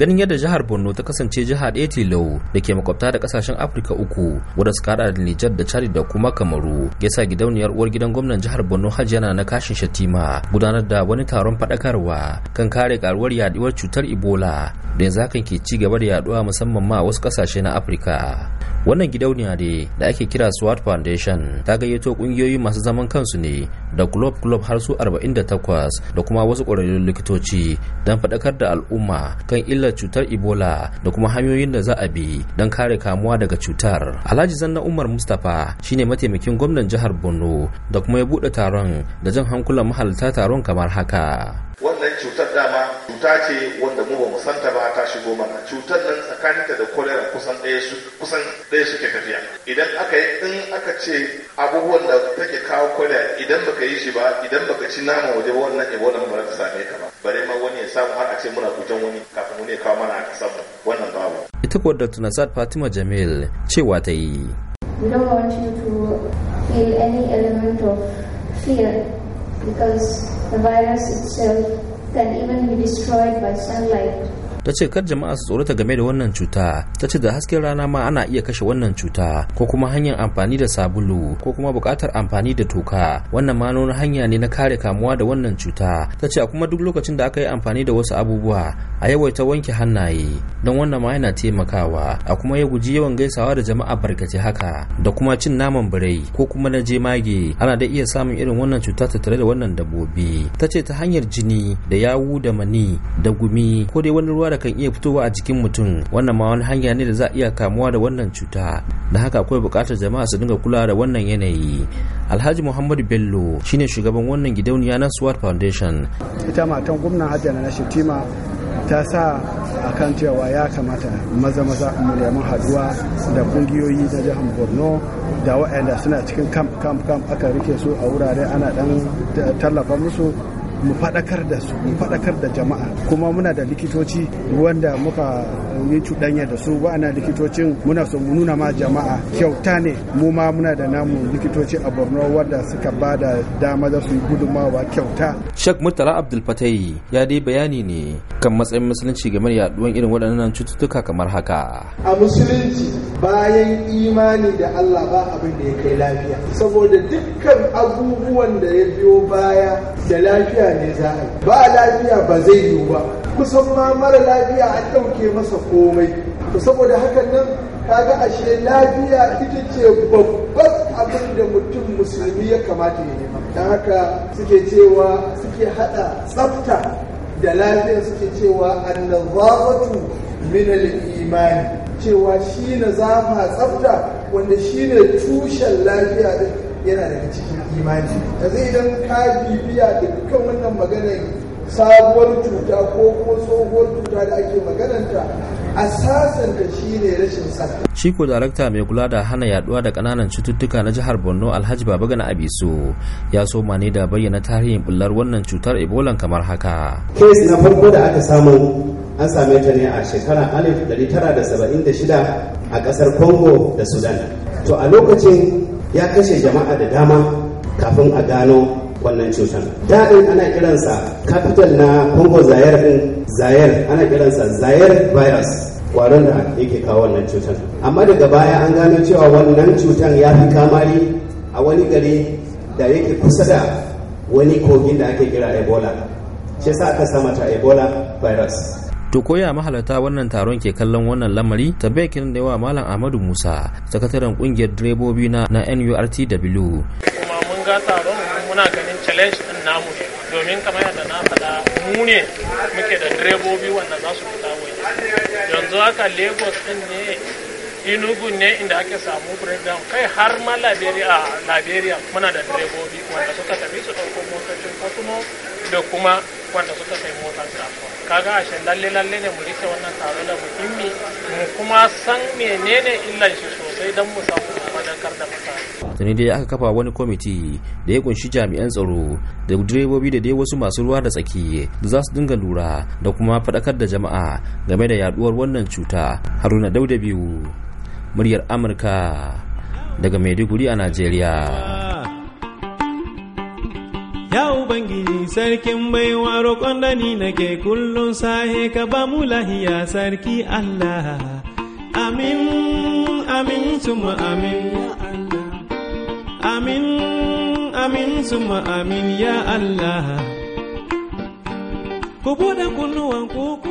ganin yadda jihar borno ta kasance jiha ɗaya tilo da ke makwabta da kasashen afirka uku wadda suka hada da nijar da chad da kuma kamaru ya gidauniyar uwar gidan gwamnan jihar borno yana na kashin shatima gudanar da wani taron faɗakarwa kan kare karuwar yaduwar cutar ebola da yanzu hakan ke ci gaba da yaduwa musamman ma wasu kasashe na afirka wannan gidauniya ne da ake kira swat foundation ta gayyato kungiyoyi masu zaman kansu ne da club club har su 48 da kuma wasu ƙwararrun likitoci don faɗakar da al'umma kan illar cutar ebola da kuma hanyoyin da za a bi don kare kamuwa daga cutar alhaji zanna umar mustapha shine mataimakin gwamnan jihar borno da kuma ya buɗe taron da jan hankulan mahalarta taron kamar haka wannan cutar dama cuta ce wanda mu ba mu santa ba ta shigo mana cutar nan tsakaninta da kolera kusan ɗaya su kusan ɗaya suke tafiya idan aka yi in aka ce abubuwan da take kawo kolera idan baka yi shi ba idan baka ci nama waje ba wannan ebola ba ta same ka ba bare ma wani ya samu har a ce muna kujan wani kafin mu ya kawo mana a kasar mu wannan babu ita kuwa da tunasat fatima jamil cewa ta yi We don't want you to feel any element of fear Tace ta ce kar jama'a su tsorata game da wannan cuta ta ce da hasken rana ma ana iya kashe wannan cuta ko kuma hanyar amfani da sabulu ko kuma buƙatar amfani da toka wannan ma hanya ne na kare kamuwa da wannan cuta ta ce a kuma duk lokacin da aka yi amfani da wasu abubuwa a yawaita wanke hannaye don wannan ma yana taimakawa a kuma ya guji yawan gaisawa da jama'a barkace haka da kuma cin naman birai ko kuma na jemage ana da iya samun irin wannan cuta tare da wannan dabbobi ta ce ta hanyar jini da yawu da mani da gumi ko dai wani ruwa da kan iya fitowa a jikin mutum wannan ma wani hanya ne da za a iya kamuwa da wannan cuta da haka akwai buƙatar jama'a su dinga kulawa da wannan yanayi alhaji muhammadu bello shine shugaban wannan gidauniya na swart foundation ita matan gwamnan hajjana na shetima ta sa a kan cewa ya kamata maza-maza mu neman haduwa da kungiyoyi na jihar borno da waɗanda suna cikin camp camp camp aka rike su a wurare ana ɗan tallafa musu mu faɗakar da su mu faɗakar da jama'a kuma muna da likitoci wanda muka yi cuɗanya da su wa'ana likitocin muna so mu nuna ma jama'a kyauta ne mu ma muna da namu likitoci a borno wadda suka ba da dama za su gudunmawa kyauta shak murtala abdul fatai ya dai bayani ne kan matsayin musulunci game da yaduwan irin waɗannan cututtuka kamar haka a musulunci bayan imani da allah ba abin da ya kai lafiya saboda dukkan abubuwan da ya biyo baya da lafiya ne za a yi ba lafiya ba zai yiwu ba kusan ma mara lafiya an ɗauke masa komai to saboda hakan nan kaga ashe lafiya ita ce babban abin da mutum musulmi ya kamata ya nema don haka suke cewa suke hada tsafta da lafiya suke cewa annazafatu min al-imani cewa shi na zafa tsafta wanda shi ne tushen lafiya din yana daga cikin imani yanzu idan ka bibiya dukkan wannan maganar sabuwar cuta ko kuma tsohuwar cuta da ake magananta a da shi ne rashin sani. Shi ko darakta mai kula da hana yaduwa da kananan cututtuka na jihar Borno Alhaji Babagana Abiso ya so ne da bayyana tarihin bullar wannan cutar Ebola kamar haka. Kes na farko da aka samu an same ta ne a shekara 1976 a kasar Congo da Sudan. To a lokacin ya kashe jama'a da dama kafin a gano wannan cutar daɗin ana kiransa capital na fungo zayar din zayar ana kiransa zayar virus kwaron da yake kawo wannan cutar amma daga baya an gano cewa wannan cutar ya fi kamari a wani gari da yake kusa da wani kogin da ake kira ebola shi sa aka samata ebola virus to koya mahalarta wannan taron ke kallon wannan lamari ta kiran da yawa malam ahmadu musa sakataren kungiyar direbobi na nurtw kuma ana ganin challenge din namu ne domin kamar yadda na faɗa mu ne muke da direbobi wanda za su fita waje yanzu haka lagos din ne inugu ne inda ake samu breakdown kai har ma liberia liberia muna da direbobi wanda suka tafi su ɗauko motocin kotuno da kuma wanda suka kai motar kasuwa kaga ashe lalle lalle ne mu rike wannan taro da muhimmi mu kuma san menene illan shi sosai don mu samu sani dai aka kafa wani kwamiti da ya kunshi jami'an tsaro da direbobi da dai wasu masu ruwa da tsaki da za su dinga lura da kuma faɗakar da jama'a game da yaduwar wannan cuta. Haruna Dauda biyu muryar Amurka daga Maiduguri a Najeriya. Ya Ubangiji sarkin baiwa roƙon da ni nake kullum sahe ka ba mu lahiya sarki Allah. Amin, amin, suma amin, ya Allah. Amin, amin, suma amin, ya Allah. Ku buɗe kunnuwan ku